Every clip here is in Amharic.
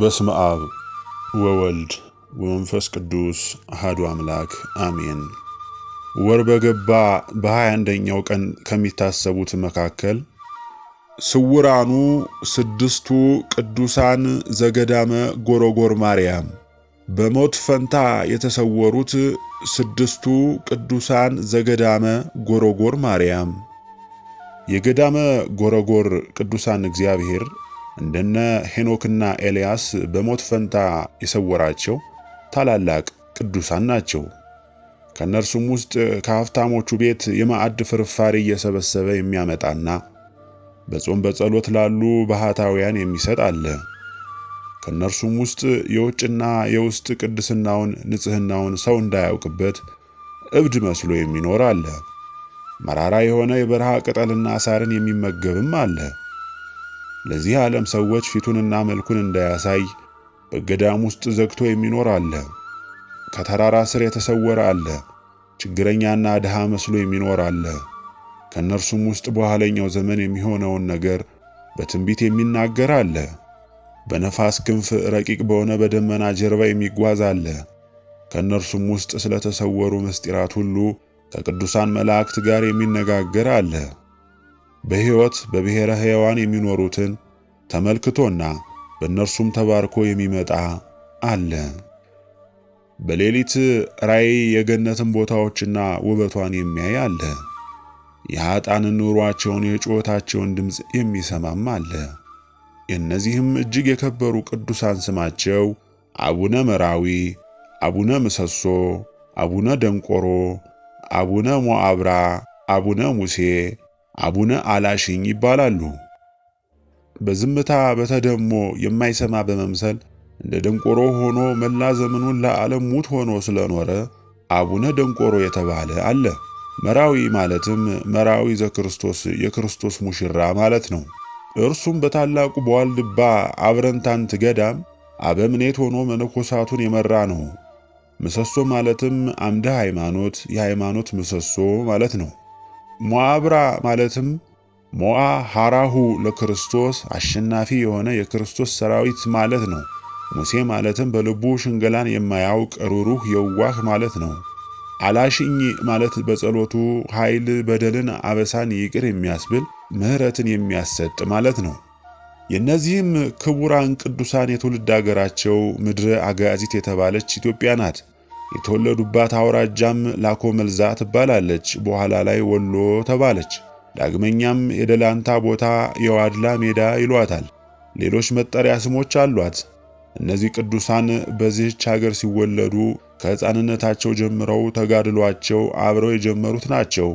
በስመ አብ ወወልድ ወመንፈስ ቅዱስ አሐዱ አምላክ አሜን። ወር በገባ በሃያ አንደኛው ቀን ከሚታሰቡት መካከል ስውራኑ ስድስቱ ቅዱሳን ዘገዳመ ጎሮጎር ማርያም በሞት ፈንታ የተሰወሩት ስድስቱ ቅዱሳን ዘገዳመ ጎሮጎር ማርያም የገዳመ ጎረጎር ቅዱሳን እግዚአብሔር እንደነ ሄኖክና ኤልያስ በሞት ፈንታ የሰወራቸው ታላላቅ ቅዱሳን ናቸው። ከእነርሱም ውስጥ ከሀብታሞቹ ቤት የማዕድ ፍርፋሪ እየሰበሰበ የሚያመጣና በጾም በጸሎት ላሉ ባሃታውያን የሚሰጥ አለ። ከእነርሱም ውስጥ የውጭና የውስጥ ቅድስናውን ንጽሕናውን ሰው እንዳያውቅበት እብድ መስሎ የሚኖር አለ። መራራ የሆነ የበረሃ ቅጠልና ሳርን የሚመገብም አለ። ለዚህ ዓለም ሰዎች ፊቱንና መልኩን እንዳያሳይ በገዳም ውስጥ ዘግቶ የሚኖር አለ። ከተራራ ስር የተሰወረ አለ። ችግረኛና ድሃ መስሎ የሚኖር አለ። ከእነርሱም ውስጥ በኋለኛው ዘመን የሚሆነውን ነገር በትንቢት የሚናገር አለ። በነፋስ ክንፍ ረቂቅ በሆነ በደመና ጀርባ የሚጓዝ አለ። ከእነርሱም ውስጥ ስለተሰወሩ ምስጢራት ሁሉ ከቅዱሳን መላእክት ጋር የሚነጋገር አለ። በሕይወት በብሔረ ሕያዋን የሚኖሩትን ተመልክቶና በእነርሱም ተባርኮ የሚመጣ አለ። በሌሊት ራእይ የገነትን ቦታዎችና ውበቷን የሚያይ አለ። የኀጣንን ኑሯቸውን፣ የጩኸታቸውን ድምፅ የሚሰማም አለ። የእነዚህም እጅግ የከበሩ ቅዱሳን ስማቸው አቡነ መራዊ፣ አቡነ ምሰሶ፣ አቡነ ደንቆሮ፣ አቡነ ሞአብራ፣ አቡነ ሙሴ አቡነ አላሽኝ ይባላሉ። በዝምታ በተደሞ የማይሰማ በመምሰል እንደ ደንቆሮ ሆኖ መላ ዘመኑን ለዓለም ሙት ሆኖ ስለኖረ አቡነ ደንቆሮ የተባለ አለ። መራዊ ማለትም መራዊ ዘክርስቶስ የክርስቶስ ሙሽራ ማለት ነው። እርሱም በታላቁ በዋልድባ አብረንታንት ገዳም አበምኔት ሆኖ መነኮሳቱን የመራ ነው። ምሰሶ ማለትም አምደ ሃይማኖት፣ የሃይማኖት ምሰሶ ማለት ነው። ሞዓብራ ማለትም ሞአ ሐራሁ ለክርስቶስ አሸናፊ የሆነ የክርስቶስ ሰራዊት ማለት ነው። ሙሴ ማለትም በልቡ ሽንገላን የማያውቅ ሩሩህ የዋህ ማለት ነው። አላሽኝ ማለት በጸሎቱ ኃይል በደልን፣ አበሳን ይቅር የሚያስብል ምሕረትን የሚያሰጥ ማለት ነው። የእነዚህም ክቡራን ቅዱሳን የትውልድ አገራቸው ምድረ አጋዚት የተባለች ኢትዮጵያ ናት። የተወለዱባት አውራጃም ላኮ መልዛ ትባላለች። በኋላ ላይ ወሎ ተባለች። ዳግመኛም የደላንታ ቦታ የዋድላ ሜዳ ይሏታል። ሌሎች መጠሪያ ስሞች አሏት። እነዚህ ቅዱሳን በዚህች ሀገር ሲወለዱ ከሕፃንነታቸው ጀምረው ተጋድሏቸው አብረው የጀመሩት ናቸው።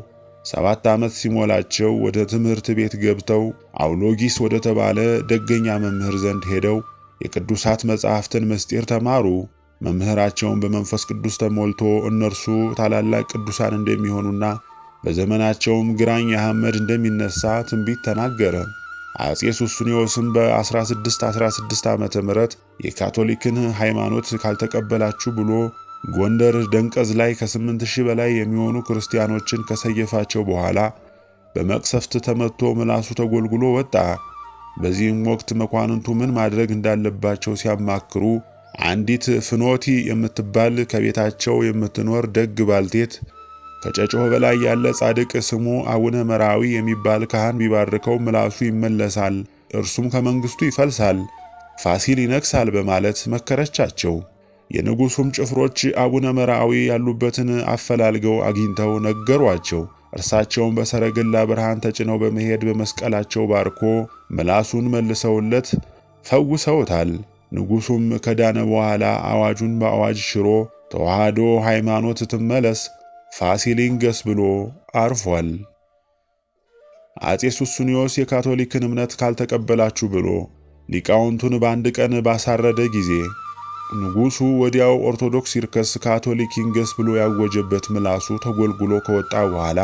ሰባት ዓመት ሲሞላቸው ወደ ትምህርት ቤት ገብተው አውሎጊስ ወደ ተባለ ደገኛ መምህር ዘንድ ሄደው የቅዱሳት መጻሕፍትን ምስጢር ተማሩ። መምህራቸውን በመንፈስ ቅዱስ ተሞልቶ እነርሱ ታላላቅ ቅዱሳን እንደሚሆኑና በዘመናቸውም ግራኝ አህመድ እንደሚነሳ ትንቢት ተናገረ። አጼ ሱስንዮስም በ1616 ዓመተ ምህረት የካቶሊክን ሃይማኖት ካልተቀበላችሁ ብሎ ጎንደር ደንቀዝ ላይ ከ8000 በላይ የሚሆኑ ክርስቲያኖችን ከሰየፋቸው በኋላ በመቅሰፍት ተመትቶ ምላሱ ተጎልጉሎ ወጣ። በዚህም ወቅት መኳንንቱ ምን ማድረግ እንዳለባቸው ሲያማክሩ አንዲት ፍኖቲ የምትባል ከቤታቸው የምትኖር ደግ ባልቴት ከጨጮህ በላይ ያለ ጻድቅ ስሙ አቡነ መራዊ የሚባል ካህን ቢባርከው ምላሱ ይመለሳል፣ እርሱም ከመንግስቱ ይፈልሳል፣ ፋሲል ይነክሳል በማለት መከረቻቸው። የንጉሱም ጭፍሮች አቡነ መራዊ ያሉበትን አፈላልገው አግኝተው ነገሯቸው። እርሳቸውም በሰረገላ ብርሃን ተጭነው በመሄድ በመስቀላቸው ባርኮ ምላሱን መልሰውለት ፈውሰውታል። ንጉሡም ከዳነ በኋላ አዋጁን በአዋጅ ሽሮ ተዋህዶ ሃይማኖት ትመለስ ፋሲሊንገስ ብሎ አርፏል። አጼ ሱስንዮስ የካቶሊክን እምነት ካልተቀበላችሁ ብሎ ሊቃውንቱን በአንድ ቀን ባሳረደ ጊዜ ንጉሡ ወዲያው ኦርቶዶክስ ይርከስ ካቶሊክ ይንገስ ብሎ ያወጀበት ምላሱ ተጎልጉሎ ከወጣ በኋላ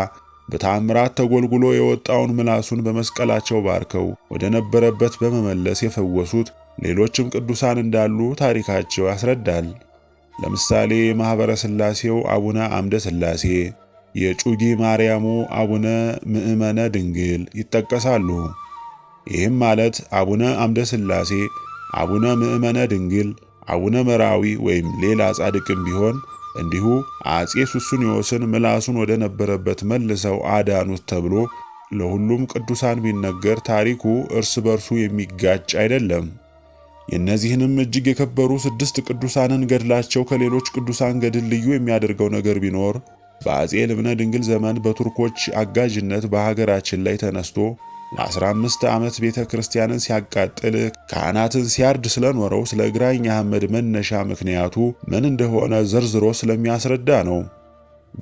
በታምራት ተጎልጉሎ የወጣውን ምላሱን በመስቀላቸው ባርከው ወደ ነበረበት በመመለስ የፈወሱት ሌሎችም ቅዱሳን እንዳሉ ታሪካቸው ያስረዳል። ለምሳሌ ማኅበረ ሥላሴው አቡነ አምደ ሥላሴ፣ የጩጊ ማርያሙ አቡነ ምዕመነ ድንግል ይጠቀሳሉ። ይህም ማለት አቡነ አምደ ሥላሴ፣ አቡነ ምዕመነ ድንግል፣ አቡነ መራዊ ወይም ሌላ ጻድቅም ቢሆን እንዲሁ አጼ ሱሱንዮስን ምላሱን ወደ ነበረበት መልሰው አዳኑት ተብሎ ለሁሉም ቅዱሳን ቢነገር ታሪኩ እርስ በርሱ የሚጋጭ አይደለም። የእነዚህንም እጅግ የከበሩ ስድስት ቅዱሳንን ገድላቸው ከሌሎች ቅዱሳን ገድል ልዩ የሚያደርገው ነገር ቢኖር በአጼ ልብነ ድንግል ዘመን በቱርኮች አጋዥነት በሀገራችን ላይ ተነስቶ ለ15 ዓመት ቤተ ክርስቲያንን ሲያቃጥል ካህናትን ሲያርድ ስለኖረው ስለ ግራኝ አህመድ መነሻ ምክንያቱ ምን እንደሆነ ዘርዝሮ ስለሚያስረዳ ነው።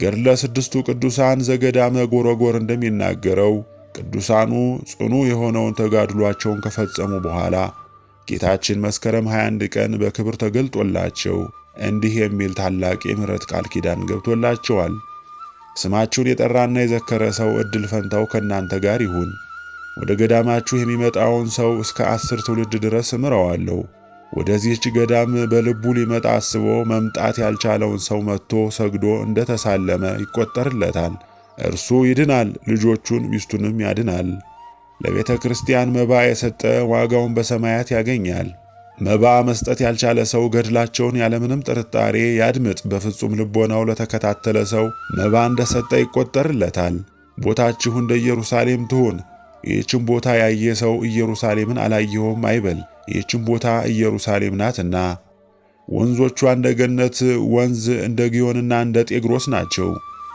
ገድለ ስድስቱ ቅዱሳን ዘገዳመ ጎረጎር እንደሚናገረው ቅዱሳኑ ጽኑ የሆነውን ተጋድሏቸውን ከፈጸሙ በኋላ ጌታችን መስከረም 21 ቀን በክብር ተገልጦላቸው እንዲህ የሚል ታላቅ የምሕረት ቃል ኪዳን ገብቶላቸዋል። ስማችሁን የጠራና የዘከረ ሰው ዕድል ፈንታው ከእናንተ ጋር ይሁን። ወደ ገዳማችሁ የሚመጣውን ሰው እስከ አስር ትውልድ ድረስ እምረዋለሁ። ወደዚህች ገዳም በልቡ ሊመጣ አስቦ መምጣት ያልቻለውን ሰው መጥቶ ሰግዶ እንደተሳለመ ይቆጠርለታል። እርሱ ይድናል፣ ልጆቹን ሚስቱንም ያድናል። ለቤተ ክርስቲያን መባ የሰጠ ዋጋውን በሰማያት ያገኛል። መባ መስጠት ያልቻለ ሰው ገድላቸውን ያለምንም ጥርጣሬ ያድምጥ። በፍጹም ልቦናው ለተከታተለ ሰው መባ እንደሰጠ ይቆጠርለታል። ቦታችሁ እንደ ኢየሩሳሌም ትሁን። ይህችን ቦታ ያየ ሰው ኢየሩሳሌምን አላየሁም አይበል፣ ይህችን ቦታ ኢየሩሳሌም ናትና። ወንዞቿ እንደ ገነት ወንዝ እንደ ጊዮንና እንደ ጤግሮስ ናቸው።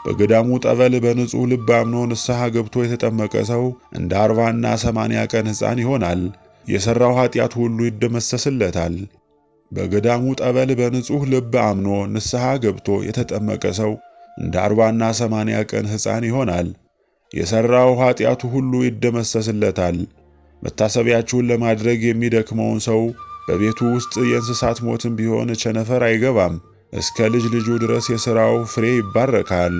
በገዳሙ ጠበል በንጹሕ ልብ አምኖ ንስሐ ገብቶ የተጠመቀ ሰው እንደ አርባና ሰማንያ ቀን ሕፃን ይሆናል። የሠራው ኀጢአት ሁሉ ይደመሰስለታል። በገዳሙ ጠበል በንጹሕ ልብ አምኖ ንስሐ ገብቶ የተጠመቀ ሰው እንደ አርባና ሰማንያ ቀን ሕፃን ይሆናል። የሠራው ኀጢአቱ ሁሉ ይደመሰስለታል። መታሰቢያችሁን ለማድረግ የሚደክመውን ሰው በቤቱ ውስጥ የእንስሳት ሞትም ቢሆን ቸነፈር አይገባም። እስከ ልጅ ልጁ ድረስ የሥራው ፍሬ ይባረካል።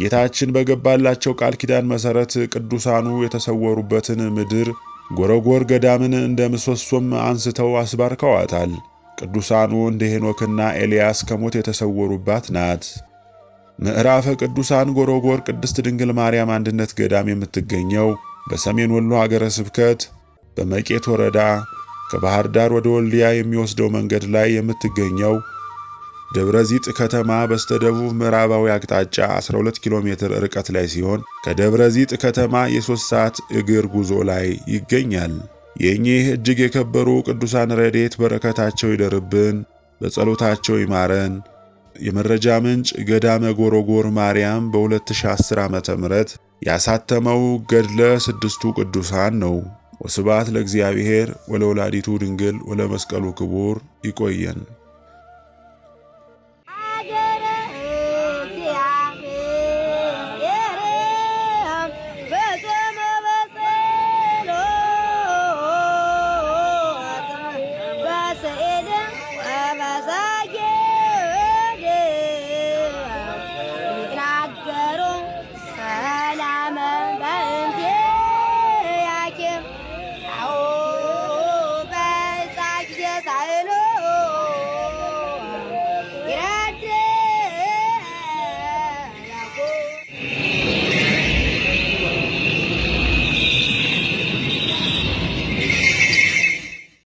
ጌታችን በገባላቸው ቃል ኪዳን መሠረት ቅዱሳኑ የተሰወሩበትን ምድር ጎረጎር ገዳምን እንደ ምሰሶም አንስተው አስባርከዋታል። ቅዱሳኑ እንደ ሄኖክና ኤልያስ ከሞት የተሰወሩባት ናት። ምዕራፈ ቅዱሳን ጎረጎር ቅድስት ድንግል ማርያም አንድነት ገዳም የምትገኘው በሰሜን ወሎ ሀገረ ስብከት በመቄት ወረዳ ከባህር ዳር ወደ ወልዲያ የሚወስደው መንገድ ላይ የምትገኘው ደብረ ዚጥ ከተማ በስተደቡብ ምዕራባዊ አቅጣጫ 12 ኪሎ ሜትር ርቀት ላይ ሲሆን ከደብረ ዚጥ ከተማ የሶስት ሰዓት እግር ጉዞ ላይ ይገኛል። የእኚህ እጅግ የከበሩ ቅዱሳን ረድኤት በረከታቸው ይደርብን፣ በጸሎታቸው ይማረን። የመረጃ ምንጭ ገዳመ ጎሮጎር ማርያም በ2010 ዓ ም ያሳተመው ገድለ ስድስቱ ቅዱሳን ነው። ወስባት ለእግዚአብሔር ወለወላዲቱ ድንግል ወለመስቀሉ ክቡር። ይቆየን።